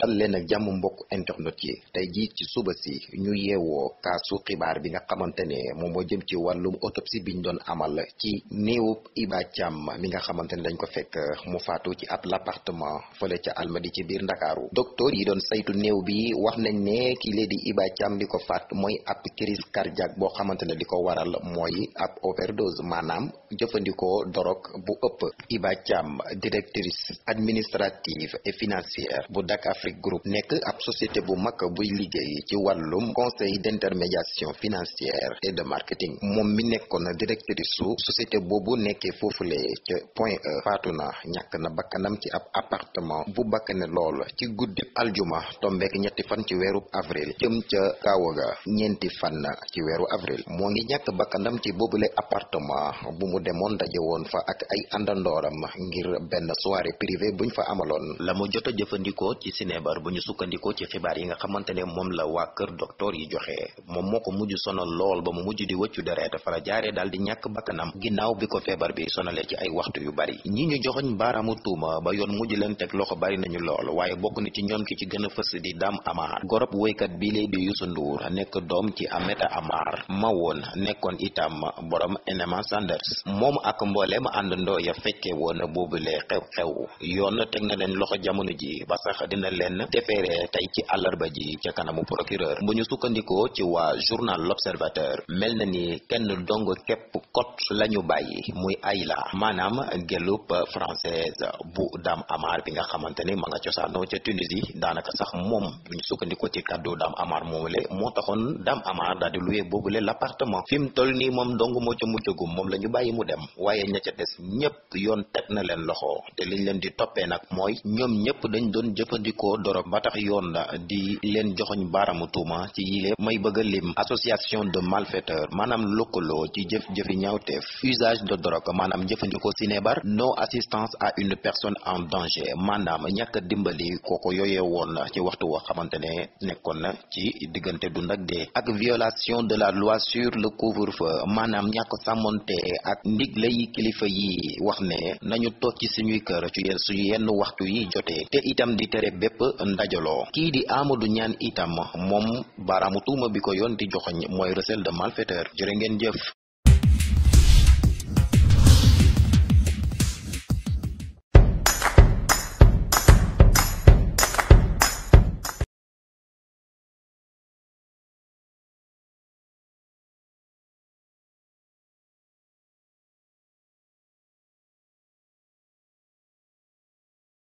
dal leen ak jàmm mbokk internet yi tey jii ci suba si ñu yeewoo kaasu xibaar bi nga xamante ne moom moo jëm ci wàllum autopsie biñ doon amal ci néewub Iba Thiam mi nga xamante ne dañ ko fekk mu faatu ci ab l'appartement fële ca Almadi ci biir Ndakaaru docteur yi doon saytu néew bi wax nañ ne ki lee di Iba Thiam li ko faat mooy ab crise cardiaque boo xamante ne li ko waral mooy ab overdose maanaam jëfandikoo dorog bu ëpp Iba Thiam directrice administrative et financière bu Dak Afrique Group nekk ab société bu mag buy liggéey ci wàllum conseil d'intermédiation financière et de marketing moom mi nekkoon directrice su société boobu nekkee foofule ca Point E faatu na ñàkk na bakkanam ci ab appartement bu bakkane lool ci guddi aljuma tombeek ñetti fan ci weeru avril jëm ca Kawaga ñeenti fan ci weeru avril moo ngi ñàkk bakkanam ci boobule appartement bu mu demoon daje woon fa ak ay àndandooram ngir benn soirée privée buñ fa amaloon la a feebar bu ñu sukkandikoo ci xibaar yi nga xamante ne moom la waa kër docteur yi joxe moom moo ko mujj ba mu mujj di wëccu deret fa la jaaree daal di ñàkk bakkanam ginnaaw bi ko ba yoon mujj leen teg loxo bari nañu lool waaye bokk na ci ñoom ki ci gën a fës di Dame Amar gorob woykat bii lay di Youssou a nekk doom ci Ameth Amar ma woon nekkoon itam borom Eneema Sanders moom ak mbooleem àndandoo ya fekke woon boobule xew-xew yoon teg na leen loxo jamono ji ba sax dina leen benn déféré tey ci àllarba ji ca kanamu procureur bu ñu sukkandikoo ci waa journal l'observateur mel na ni kenn dong képp kot lañu bàyyi muy Ayla maanaam gellub française bu dam Amar bi nga xamante ni ma nga cosaanoo ca Tunisie daanaka sax moom bu ñu sukkandikoo ci kàddu Dame Amar moomule moo taxoon dam Amar daal di loué boobule l'appartement fi mu toll nii moom dong moo ca muccagum moom la ñu bàyyi mu dem waaye ña ca des ñëpp yoon teg na leen loxo te leen di toppee nag mooy ñoom ñëpp dañ doon jëfandikoo dorog ba tax yoon la di leen joxoñ baaramu tuuma ci yile may bëgg a lim association de malfaiteurs maanaam lëkkaloo ci jëf-jëfi ñaawteef usage de drogue maanaam jëfandikoo si neebar non assistance à une personne en danger maanaam ñàkk dimbali kooko yooyee woon la ci waxtu woo xamante ne nekkoon na ci diggante dund ak dee ak violation de la loi sur le couvre-feu maanaam ñàkk sàmmonte ak ndigle yi kilifa yi wax ne nañu toog ci suñuy kër ci suñu yenn waxtu yi jotee te itam di tere bépp bépp ndajaloo kii di Amadou Niane itam moom baaraamu tuuma bi ko yoon di joxoñ mooy recel de malfaiteur jërë ngeen jëf